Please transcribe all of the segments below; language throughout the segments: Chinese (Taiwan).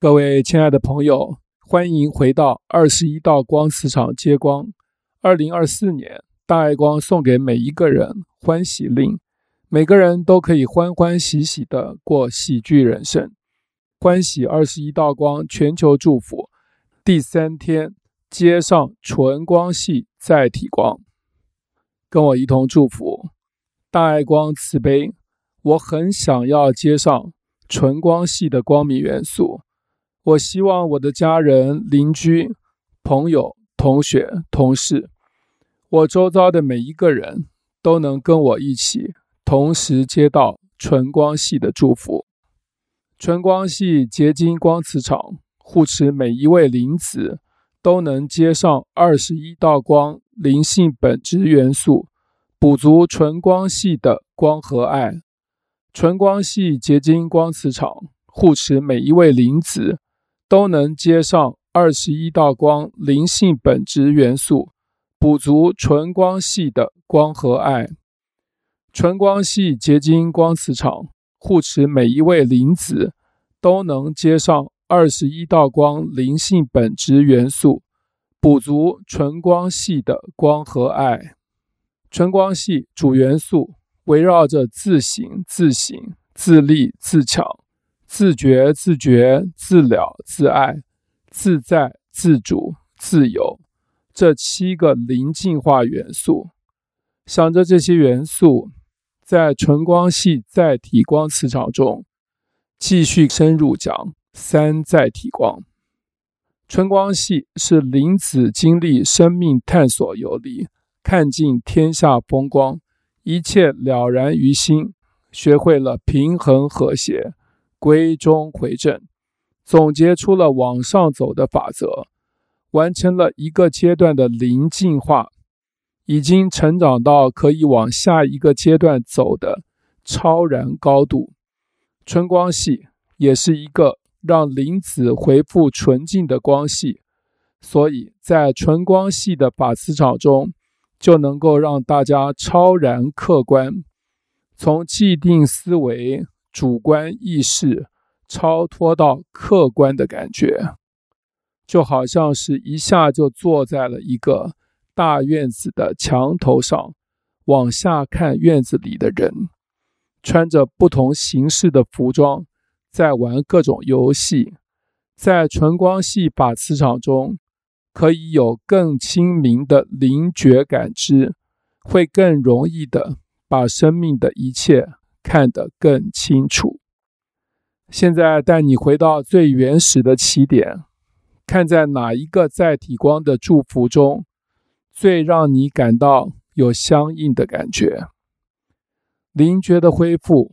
各位親愛的朋友，歡迎回到二十一道光慈場接光。二零二四年，大愛光送給每一個人歡喜令，每個人都可以歡歡喜喜的過喜劇人生。歡喜二十一道光全球祝福，第三天接上純光系載體光，跟我一同祝福。大愛光慈悲，我很想要接上純光系的光明元素。我希望我的家人、鄰居、朋友、同學、同事，我周遭的每一個人都能跟我一起，同時接到純光系的祝福。純光系結晶光磁場護持每一位靈子，都能接上二十一道光靈性本質元素，補足純光系的光和愛。純光系結晶光磁場護持每一位靈子，都能接上二十一道光靈性本質元素，補足純光系的光和愛。純光系結晶光磁場護持每一位靈子，都能接上二十一道光靈性本質元素，補足純光系的光和愛。純光系主元素圍繞着自省、自省、自立、自強。自覺、自覺、自了、自愛、自在、自主、自由，這七個靈進化元素。想着這些元素，在純光系載體光磁場中繼續深入講三載體光。純光系是靈子經歷生命探索遊歷，看盡天下風光，一切了然於心，學會了平衡和諧。歸中回正，總結出了往上走的法則，完成了一個階段的靈淨化，已經成長到可以往下一個階段走的超然高度。純光系也是一個讓靈子恢復純淨的光系，所以在純光系的法磁場中，就能夠讓大家超然客觀，從既定思維。主觀意識超脫到客觀的感覺，就好像是一下就坐在了一個大院子的牆頭上，往下看院子裡的人穿着不同形式的服裝，在玩各種遊戲。在純光系法磁場中，可以有更清明的靈覺感知，會更容易地把生命的一切，看得更清楚。現在帶你回到最原始的起點，看在哪一個載體光的祝福中，最讓你感到有相應的感覺。靈覺的恢復，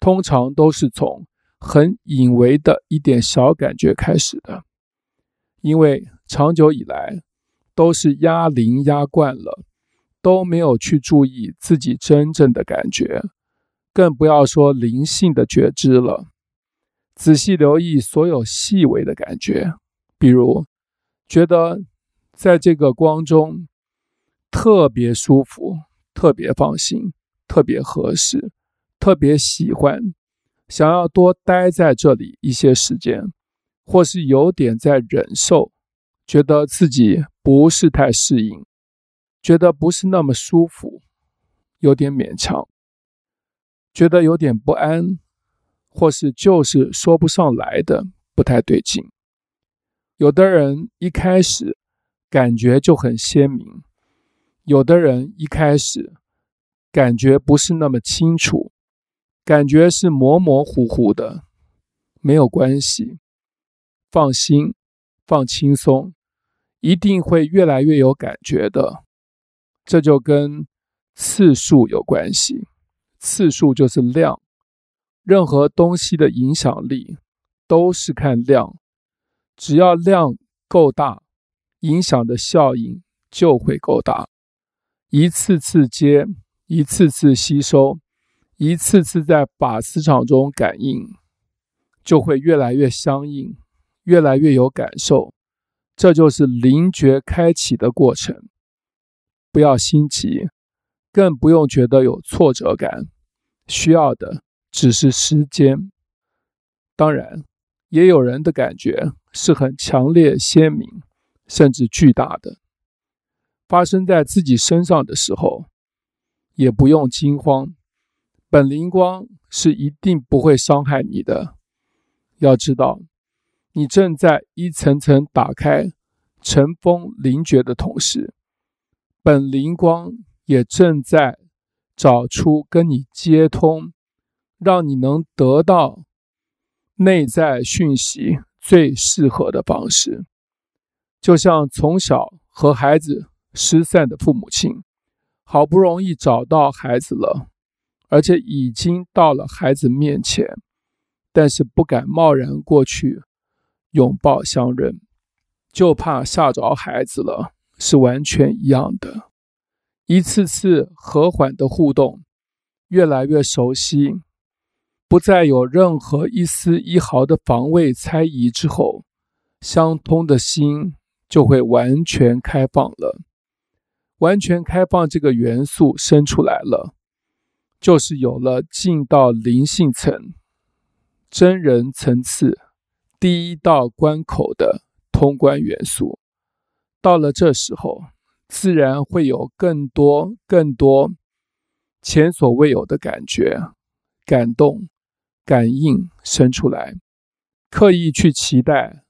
通常都是從很隱微的一點小感覺開始的，因為長久以來都是壓靈壓慣了，都沒有去注意自己真正的感覺。更不要說靈性的覺知了。仔細留意所有細微的感覺，比如覺得在這個光中特別舒服、特別放心、特別合適、特別喜歡，想要多待在這裡一些時間，或是有點在忍受，覺得自己不是太適應，覺得不是那麼舒服，有點勉強。覺得有點不安，或是就是說不上來的，不太對勁。有的人一開始感覺就很鮮明，有的人一開始感覺不是那麼清楚，感覺是模模糊糊的。沒有關係，放心，放輕鬆，一定會越來越有感覺的。這就跟次數有關係。次數就是量，任何東西的影響力都是看量，只要量夠大，影響的效應就會夠大。一次次接，一次次吸收，一次次在靶磁場中感應，就會越來越相應，越來越有感受。這就是靈覺開啟的過程，不要心急。更不用覺得有挫折感，需要的只是時間。當然，也有人的感覺是很強烈、鮮明，甚至巨大的，發生在自己身上的時候，也不用驚慌。本靈光是一定不會傷害你的。要知道，你正在一層層打開塵封靈覺的同時，本靈光，也正在找出跟你接通，讓你能得到內在訊息最適合的方式，就像從小和孩子失散的父母親，好不容易找到孩子了，而且已經到了孩子面前，但是不敢貿然過去擁抱相認，就怕嚇着孩子了，是完全一樣的。一次次和緩的互動，越來越熟悉，不再有任何一絲一毫的防衛猜疑之後，相通的心就會完全開放了。完全開放這個元素生出來了，就是有了進到靈性層、真人層次，第一道關口的通關元素。到了這時候。自然會有更多、更多前所未有的感覺、感動、感應生出來。刻意去期待，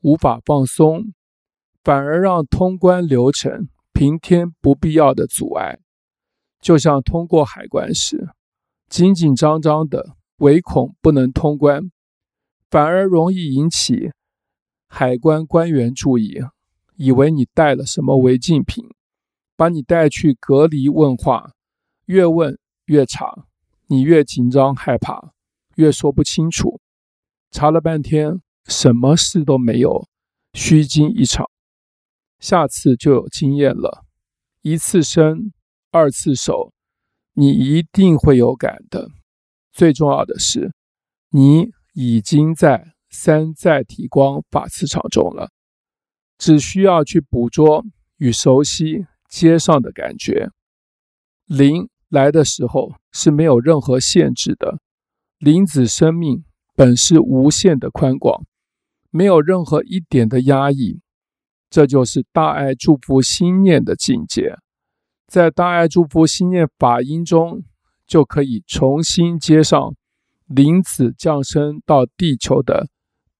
無法放鬆，反而讓通關流程平添不必要的阻礙。就像通過海關時，緊緊張張的，唯恐不能通關，反而容易引起海關官員注意。以為你帶了什麼違禁品，把你帶去隔離問話，越問越查，你越緊張害怕，越說不清楚。查了半天，什麼事都沒有，虛驚一場。下次就有經驗了，一次生，二次熟，你一定會有感的。最重要的是，你已經在三載體光法磁場中了。只需要去捕捉與熟悉接上的感覺。靈來的時候是沒有任何限制的，靈子生命本是無限的寬廣，沒有任何一點的壓抑。這就是大愛祝福心念的境界，在大愛祝福心念法音中，就可以重新接上靈子降生到地球的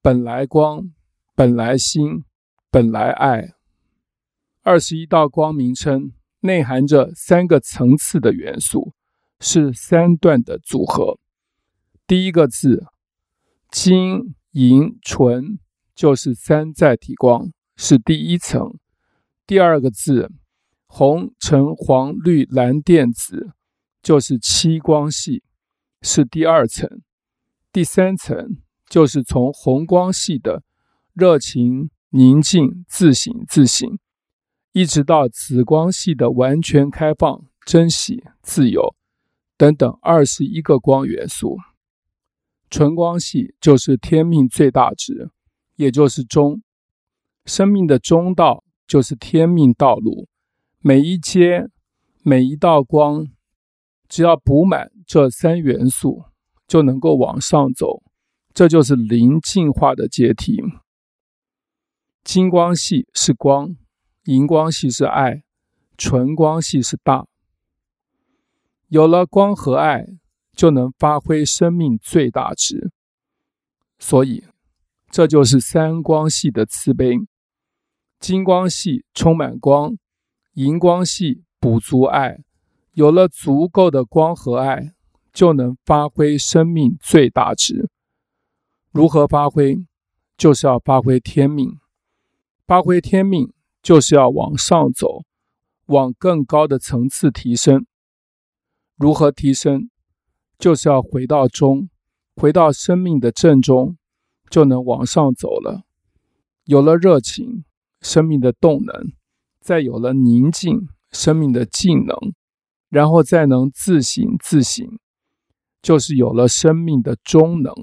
本來光、本來心。本來愛二十一道光名稱內含着三個層次的元素，是三段的組合。第一個字金銀純就是三載體光，是第一層；第二個字紅橙黃綠藍靛紫就是七光系，是第二層；第三層就是從紅光系的熱情。寧靜、自省、自省，一直到紫光系的完全開放、珍惜、自由等等二十一個光元素，純光系就是天命最大值，也就是中。生命的中道就是天命道路。每一階、每一道光，只要補滿這三元素，就能夠往上走，這就是靈進化的階梯。金光系是光，銀光系是愛，純光系是大。有了光和愛，就能發揮生命最大值。所以，這就是三光系的慈悲。金光系充滿光，銀光系補足愛。有了足夠的光和愛，就能發揮生命最大值。如何發揮，就是要發揮天命。發揮天命，就是要往上走，往更高的層次提升。如何提升？就是要回到中，回到生命的正中，就能往上走了。有了熱情，生命的動能；再有了寧靜，生命的靜能；然後再能自省、自省，就是有了生命的中能，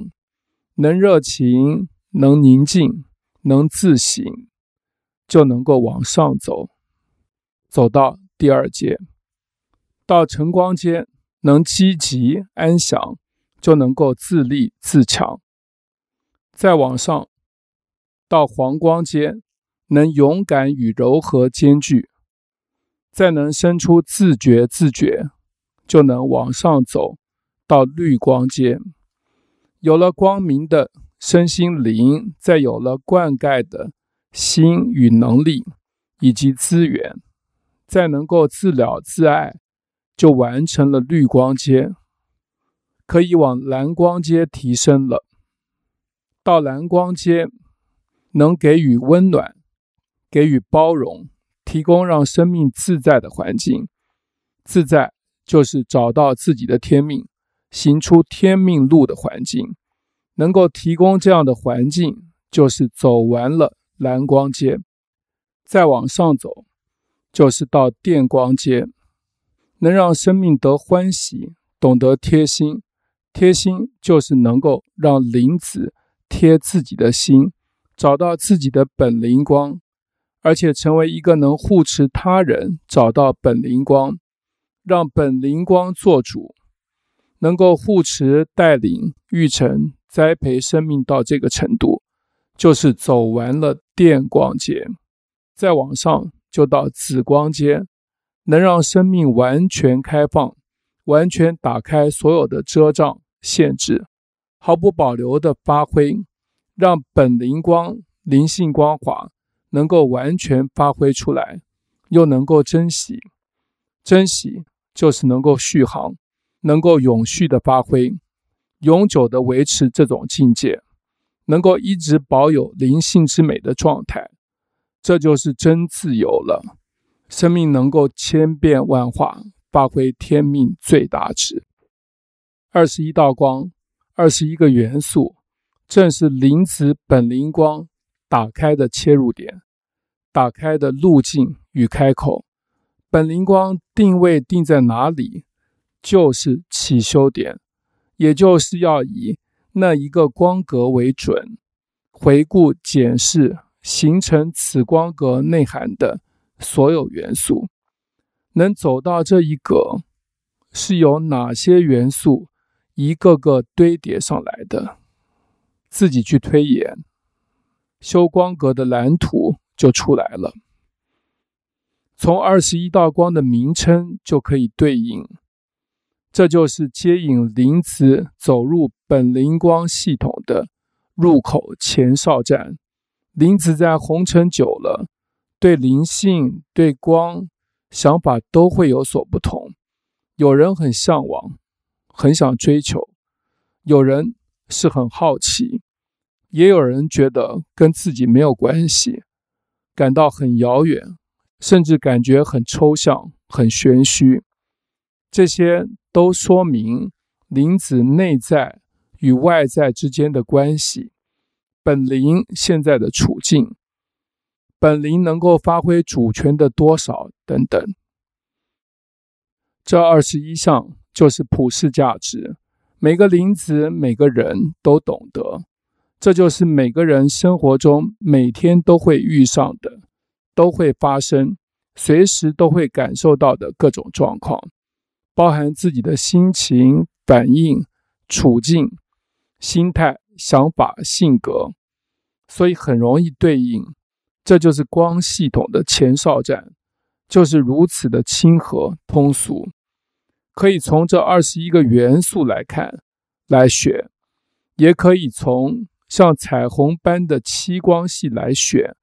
能熱情，能寧靜，能自省。就能夠往上走，走到第二階，到晨光階，能積極安詳，就能夠自立自強。再往上，到黃光階，能勇敢與柔和兼具，再能生出自覺自覺，就能往上走到綠光階。有了光明的身心靈，再有了灌溉的心與能力以及資源，在能夠自了自愛，就完成了綠光階，可以往藍光階提升了。到藍光階能給予溫暖，給予包容，提供讓生命自在的環境。自在就是找到自己的天命，行出天命路的環境。能夠提供這樣的環境，就是走完了藍光界，再往上走就是到電光界，能讓生命得歡喜，懂得貼心。貼心就是能夠讓靈子貼自己的心，找到自己的本靈光，而且成為一個能護持他人找到本靈光，讓本靈光做主，能夠護持、帶領、玉成、栽培生命到這個程度。就是走完了電光階，再往上就到紫光階，能讓生命完全開放，完全打開所有的遮障限制，毫不保留的發揮，讓本靈光靈性光滑能夠完全發揮出來，又能夠珍惜。珍惜就是能夠續航，能夠永續的發揮，永久的維持這種境界。能夠一直保有靈性之美的狀態，這就是真自由了。生命能夠千變萬化，發揮天命最大值。二十一道光，二十一個元素，正是靈子本靈光打開的切入點，打開的路徑與開口。本靈光定位定在哪裡，就是起修點，也就是要以。那一個光格為準，回顧檢視形成此光格內涵的所有元素，能走到這一格，是由哪些元素一個個堆疊上來的？自己去推演，修光格的藍圖就出來了。從二十一道光的名稱就可以對應。這就是接引靈子走入本靈光系統的入口前哨站。靈子在紅塵久了，對靈性、對光、想法都會有所不同。有人很嚮往，很想追求；有人是很好奇，也有人覺得跟自己沒有關係，感到很遙遠，甚至感覺很抽象、很玄虛。這些都說明靈子內在與外在之間的關係，本靈現在的處境，本靈能夠發揮主權的多少等等，這二十一項就是普世價值。每個靈子、每個人都懂得，這就是每個人生活中每天都會遇上的、都會發生、隨時都會感受到的各種狀況。包含自己的心情、反應、處境、心態、想法、性格，所以很容易對應。這就是光系統的前哨戰，就是如此的親和、通俗。可以從這二十一個元素來看來選，也可以從像彩虹般的七光系來選，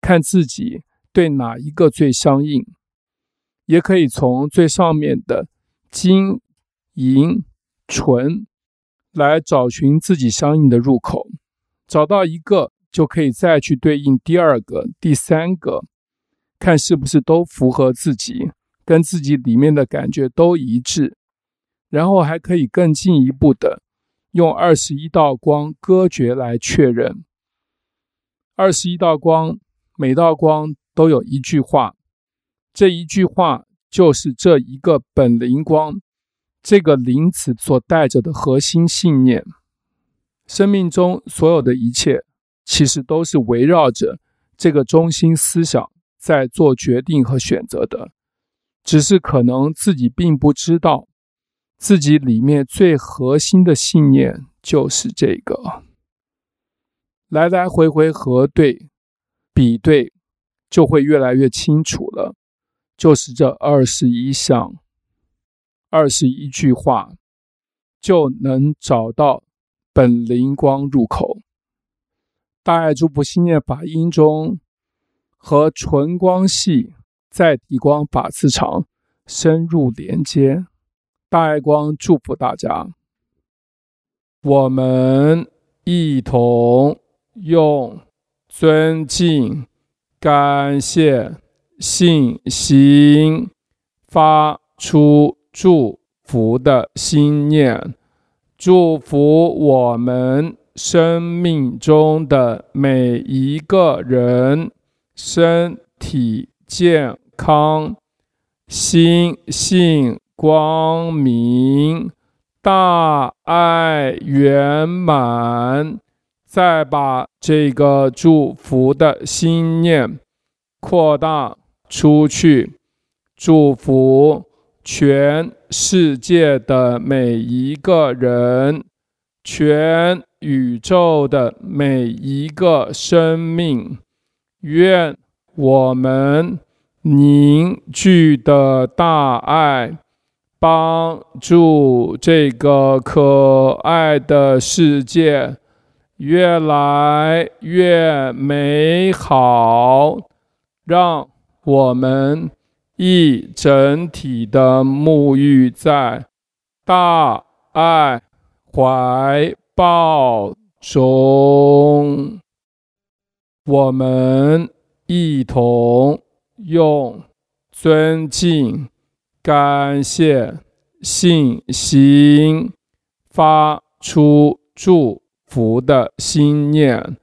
看自己對哪一個最相應。也可以從最上面的。金、銀、純，來找尋自己相應的入口，找到一個就可以再去對應第二個、第三個，看是不是都符合自己，跟自己裡面的感覺都一致，然後還可以更進一步的用二十一道光歌訣來確認。二十一道光，每道光都有一句話，這一句話。就是這一個本靈光，這個靈子所帶着的核心信念，生命中所有的一切，其實都是圍繞着這個中心思想在做決定和選擇的，只是可能自己並不知道，自己裡面最核心的信念就是這個，來來回回核對、比對，就會越來越清楚了。就是這二十一項、二十一句話，就能找到本靈光入口。大愛祝福心念法音中和純光系在地光法磁場深入連接。大愛光祝福大家，我們一同用尊敬、感謝。信心發出祝福的心念，祝福我們生命中的每一個人，身體健康，心性光明，大愛圓滿。再把這個祝福的心念擴大。出去，祝福全世界的每一個人，全宇宙的每一個生命，願我們凝聚的大愛，幫助這個可愛的世界越來越美好，讓我們一整體的沐浴在大愛懷抱中，我們一同用尊敬、感謝、信心發出祝福的心念，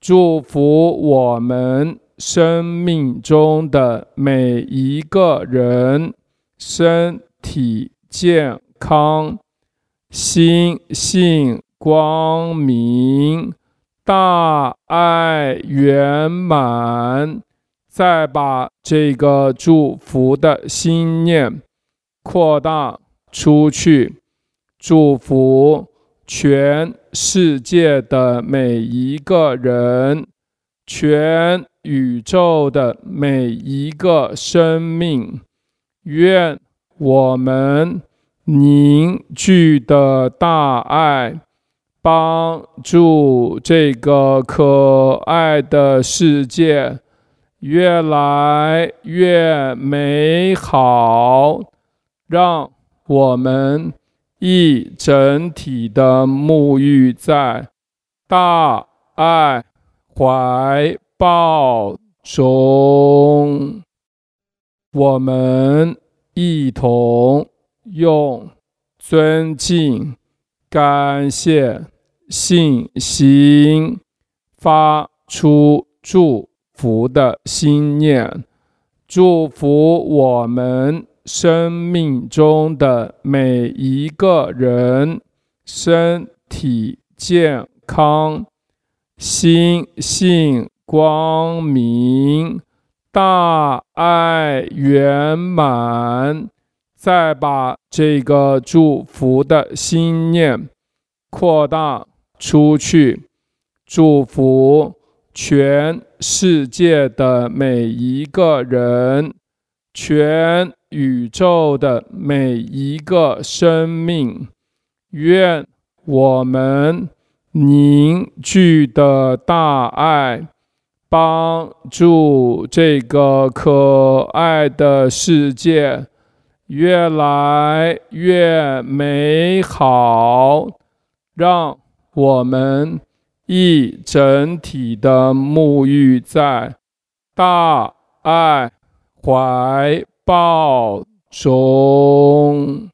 祝福我們。生命中的每一個人，身體健康，心性光明，大愛圓滿。再把這個祝福的心念擴大出去，祝福全世界的每一個人，全。宇宙的每一個生命，願我們凝聚的大愛，幫助這個可愛的世界越來越美好，讓我們一整體的沐浴在大愛懷。報中，我們一同用尊敬、感謝、信心，發出祝福的心念，祝福我們生命中的每一個人身體健康、心性。光明、大愛、圓滿，再把這個祝福的心念擴大出去，祝福全世界的每一個人，全宇宙的每一個生命。願我們凝聚的大愛，幫助這個可愛的世界越來越美好，讓我們一整體的沐浴在大愛懷抱中。